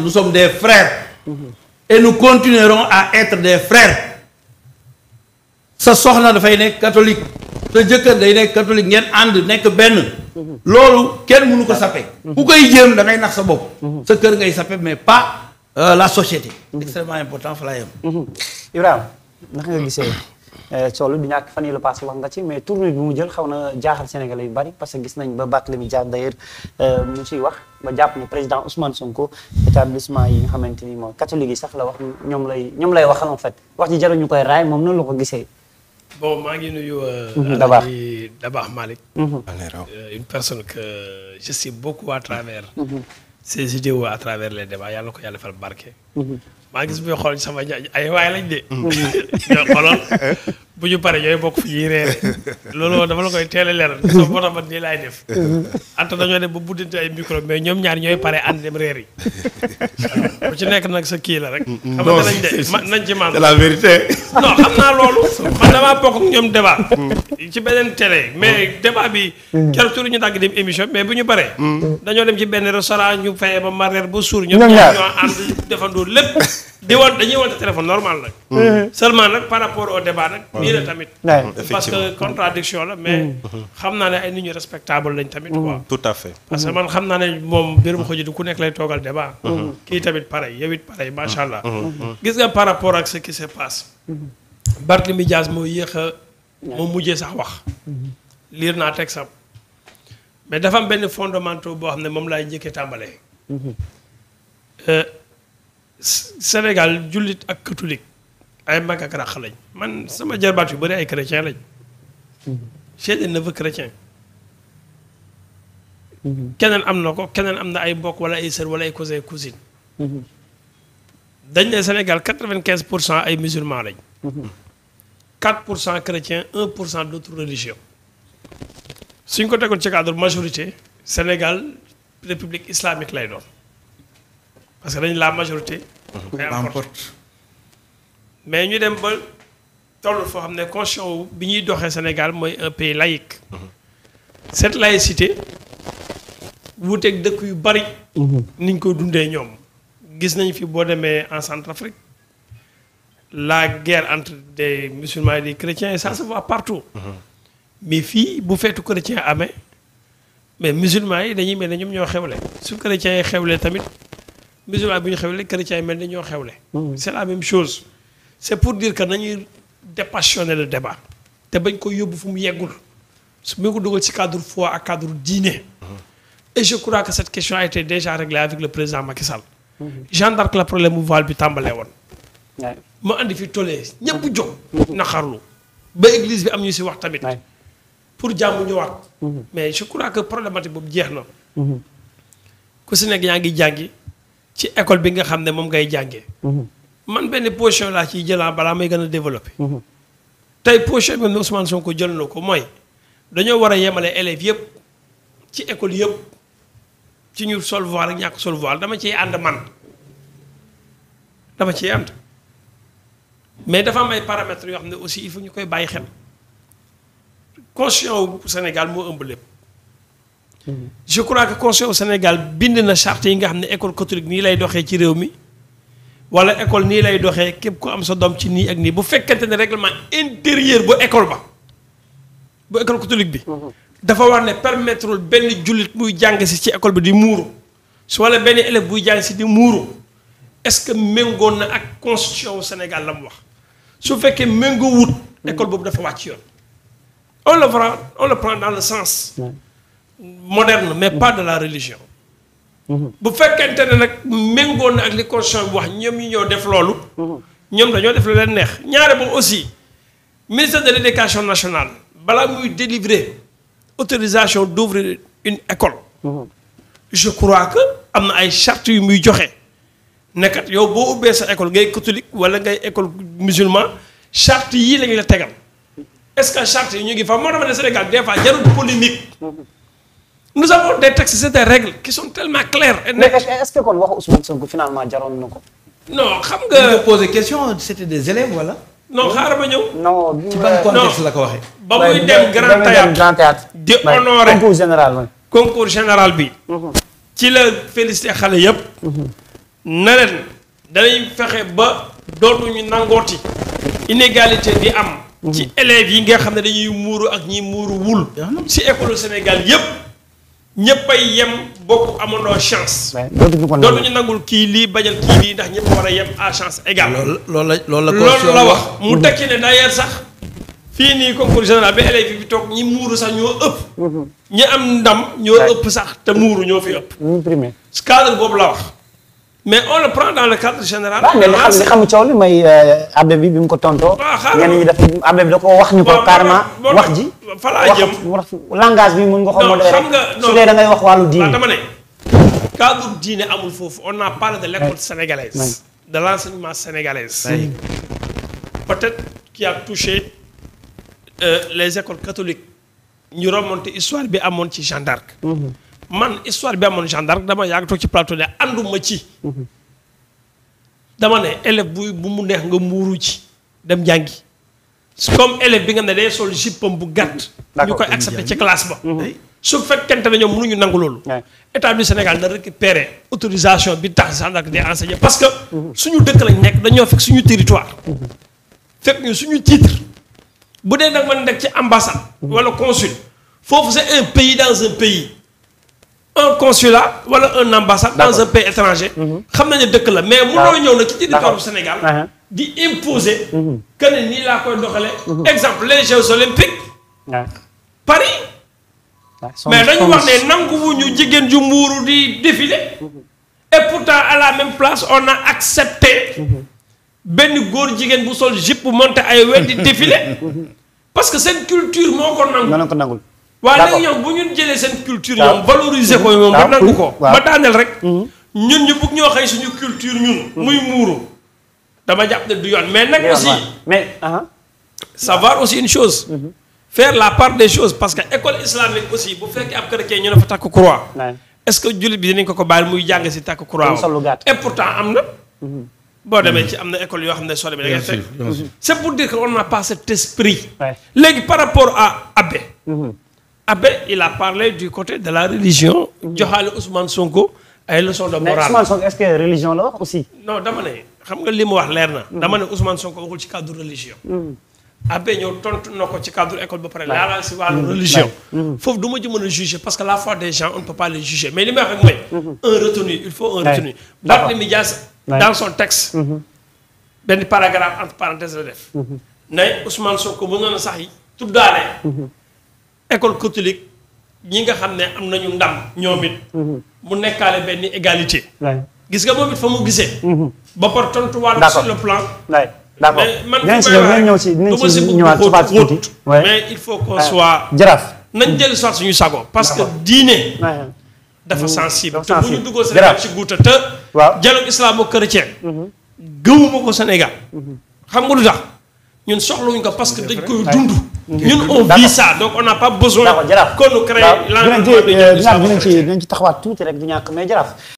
nous sommes de frères et nous continuerons à être des frères sa soxna dafay nekk catholique sa jëkkër day nekk catholique ngeen ànd nekk benn loolu kenn mënu ko sappe ku koy jéem da nax sa bopp sa kër ngay sappe mais pas euh, la société mhm. extrêmement important fa laa yem mhm. nga gisee Eh, Coolu du ñàkk fan yi la passé wax nga ci mais tournée bi mu jël xaw na jaaxal Sénégalais yu bari parce que gis nañ ba Barthélémy Dias d'ailleurs eh, mu ciy wax ba jàpp ne président Ousmane Sonko établissement yi nga xamante ni moom catholique yi sax la wax ñoom lay ñoom lay waxal en fait wax ji jaruñu koy raay moom noonu la ko gisee. bon maa ngi nuyu. Euh, mhm, Dabaax Dabaax Malick. Mhm. Euh, une personne que je suis beaucoup à travers. Mhm. ses vidéos à travers les débats yàlla ko yàlla defal barke. maa ngi gis muy xool sama ay waay lañ de. Mm-hmm. ñoo xoolal bu ñu paree ñooy bokk fi ñuy reere loolu dama la koy teel a leeral so moo tax man nii def anta dañoo dem ba buddante ay micro mais ñoom ñaar ñooy pare ànd dem ci nekk nag sa kii la rek xam nga la vérité non xam bokk ak ñoom débat mm. ci beneen télé mais mm. débat bi mm. jarul tur ñu dagg émission mais bu ñu paree dañoo dem ci benn restaurant ñu fayee ba ma ba suur ñoom ñaar ñoo ànd defandoo lépp di woon dañuy wante téléphone normal nag. Mm-hmm. seulement nag par rapport au débat nag. Mm-hmm. nii la tamit. Mm-hmm. parce que contradiction la mais. xam naa ne ay nit ñu respectable lañ tamit quoi. tout à fait. parce que man xam naa ne moom mbirum xoj du ku nekk lay toogal débat. kii tamit pareil yow it pareil macha allah. gis nga par rapport ak ce qui se passe. Barthélémy Dias moo yéex a. moo mujjee sax wax. liir naa teg sam mais dafa am benn fondamental boo xam ne moom laay njëkkee tàmbalee. Euh, Sénégal jullit ak catholique ay mag ak rax lañ man sama jarbaat yu bëri ay chrétien lañ. Mm-hmm. j'ai des neveux chrétiens. Mm-hmm. keneen am na ko keneen am na ay mbokk wala ay sër wala ay cousin cousine. dañ ne Sénégal quatre-vingt-quinze pour cent ay musulmans lañ. Mm-hmm. quatre pour cent chrétiens un pour cent d'autres religions. suñ ko tegoon ci cadre majorité Sénégal république islamique lay doon. parce que dañ laa majorité. Mhm. emporte mais ñu dem ba toll foo xam ne constitution bi ñuy doxee Sénégal mooy un pays laïque. Mhm. cette laïcité wuuteeg dëkk yu bari. Mhm. niñ ko dundee ñoom. gis nañu fi boo demee en Centrafrique la guerre entre des musulmans et des chrétiens et ça se voit partout. mais fii bu feetu chrétien amee mais musulmans yi dañuy mel ne ñoom ñoo xewle. su chrétiens yi xewle tamit. musulman bu ñu xewle chrétien yi mel ni ñoo xewle. Mm. c' est la même chose. c' pour dire que nañuy dépassionner le débat te bañ koy yóbbu fu mu yeggul su mu ko dugal ci cadre fois ak cadre diine. Mm-hmm. et je crois que cette question a été déjà réglée avec le président Macky Sall. Mm-hmm. la problème mu voile bi tàmbalee woon. ma indi fi tolee ñëpp jóg. Mm-hmm. naxarlu ba église bi am ñu si wax tamit. pour jàmm ñëwaat. mais je crois que problématique boobu jeex na. ku si nekk yaa ngi jàngi. ci école bi nga xam ne moom ngay jàngee. Mhm. man benn position laa ciy jëlaa ah balaa may gën a développé. Mhm. tey position bi Ousmane ko jël noo ko mooy dañoo war a yemale élèves yëpp ci école yëpp ci ñu sol voile ak ñàkk sol voile dama ciy ànd man dama ciy ànd mais dafa am ay paramètres yoo xam ne aussi il faut ñu koy bàyyi xel constitution wu Sénégal moo ëmb lépp. je crois que conseil au Sénégal bind na charte yi nga xam ne école catholique nii lay doxee ci réew mi wala école nii lay doxee képp ku am sa doom ci nii ak nii bu fekkente ne règlement intérieur bu école ba bu école catholique bi. Mhm. dafa war ne permettre benn jullit muy jàng si ci école bi di muuru su wala benn élève buy jàng si di muuru est-ce que méngoon na ak constitution au Sénégal la mu wax su fekkee méngoo wut. Mhm. école boobu dafa wàcc yoon. on le prend le prend dans moderne mais pas de la religion. Mm-hmm. bu fekkente ne nag méngoon na ak li constitution bi wax ñoom ñu ñoo def loolu. Mm-hmm. ñoom dañoo def lu leen neex ñaare ba aussi ministre de l' éducation nationale balaa muy délivrer autorisation d' ouvrir une école. Mm-hmm. je crois que am na ay charte yu muy joxe nekkat yow boo ubbee sa école ngay catholique wala ngay école musulman charte yii lañu la tegal est ce que charte yi ñu ngi fa moo tax ne Sénégal des fois jarul polémique. nous avons des textes c'est des règles qui sont tellement claires et nettes. mais est-ce que kon waxu Ousmane Sonko finalement jaroon na ko. non xam nga li nga posé question c'était des élèves wala. non xaaral ma ñëw. non ci ban euh, contexte la ko waxee. ba muy dem grand théâtre grand théâtre di honorer concours général bi. concours général bi. Mhm. ci la félicité xale yëpp. Mhm. na leen danay fexe ba dootuñu nangooti. inégalité di am. Mhm. ci élèves yi nga xam ne dañuy muuru ak ñi muuru wul. si école Sénégal yëpp. ñëppay yem bokk amandoo chance. loolu ñu nangul kii lii bañal kii lii ndax ñëpp war a yem a chance égale. loolu la loolu la loolu la wax mu tekki ne d'ailleurs sax fii nii concours bi élèves yi toog ñi muuru sax ñoo ëpp. Mhm. ñi am ndam ñoo ëpp sax te muuru ñoo fi ëpp. cadre boobu la wax. mais on le prend dans le cadre général. waaw mais li xam li xamu coow li may euh, abbé bi bi mu ko tontoo. waaw xaaral ñenn ñi daf da ko wax ñu ko. carrément wax ji. falaa jëm wax langage bi mun nga ko. modéré su dee da wax wàllu diine. dama ne cadre diine amul foofu on a parlé de l'école sénégalaise. de l'enseignement sénégalais. peut-être qui a touché euh, les écoles catholiques. ñu remonté histoire bi amoon ci Jeanne man histoire bi amoon Jeanne dama yàgg toog ci plateau ne ànduma ci. dama ne élève bu bu mu neex nga muuru ci dem jàngi. comme élève bi nga ne day sol jupam bu gàtt. ñu koy accepté ci classe ba. Mhm. su fekkente ne ñoom mënuñu nangu loolu. état du Sénégal da récupérer autorisation bi tax Jeanne d'Arc di enseigner parce que. Mhm. suñu dëkk lañ nekk dañoo fekk suñu territoire. Mhm. fekk ñu suñu titre. bu dee nag man nekk ci ambassade. wala consul foofu c'est un pays dans un pays. un consulat wala un ambassade dans un pays étranger mhm. xam nañu dëkk la mais mënoo ñëw na ci territoire du Sénégal uh-huh. di imposer mhm. que nii laa koy doxale mhm. exemple les Jeux olympiques Paris mais dañu wax ne nanguwuñu jigéen ju mbuuru di défilé et pourtant à la même place on a accepté benn góor jigéen bu sol jupe bu monté ay wet di défilé parce que seen culture moo ko nangul waaw léegi ñoom bu ñu jëlee seen culture ñoom valoriser ko ñoom ba nangu ko ba daaneel rek ñun ñu bugg ñoo xëy suñu culture ñun muy muuru dama jàpp ne du yoon mais nag aussi mais uh-huh. savoir aussi une chose mm-hmm. faire la part des choses parce que école islamique aussi bu fekkee ab chrétien ñu ne fa takk croix est-ce que jullit bi dinañ ko ko bàyyi muy jàng si takk croix et pourtant am na mm-hmm. boo demee ci am na école yoo xam ne soo demee da ngay fekk c'est pour dire que on n'a pas cet esprit léegi par rapport a abbé mm-hmm. Abbé ah il a parlé du côté de la religion joxaale Ousmane Sonko ay leçons de morale mais Sonko est-ce que religion la aussi. non dama ne xam nga li mu wax leer na. Hmm. dama ne Ousmane Sonko waxul ci cadre religion. Hmm. Abbé ñëw tontu na ko ci cadre école ba pare. laalaal si wàllu hmm. religion. foofu du ma ci mën a juger parce que la fois des gens on ne peut pas les juger mais li may wax ak mooy. un retenu il faut un retenu. Barthélémy Dias dans son texte. benn paragraphe entre parenthèses la def. ne Ousmane sax yi tuddaale. école catholique ñi nga xam ne am na ñu ndam ñoom it. Mhm. mu nekkaale benn égalité. gis nga moom it fa mu gisee. Mhm. ba par tontuwaat. d' accord sur le plan. d' accord mais man. fi may waxee si ñëwaat mais il faut qu' on soit. jaraaf nañ dellu soit suñu sago. parce que diine. dafa mmh. sensible te bu ñu duggoo Sénégal ci guuta te. waaw dialogue islamo-chrétien. Mmh. gëwuma ko Sénégal. Mmh. xam nga lu tax ñun soxlawuñ ko parce que dañ koy dund. ñun on vit ça donc on n'a pas besoin. qu'on nous crée l'environnement. dinañ ci dinañ ci taxawaat tuuti rek du ñàkk mais jaraaf.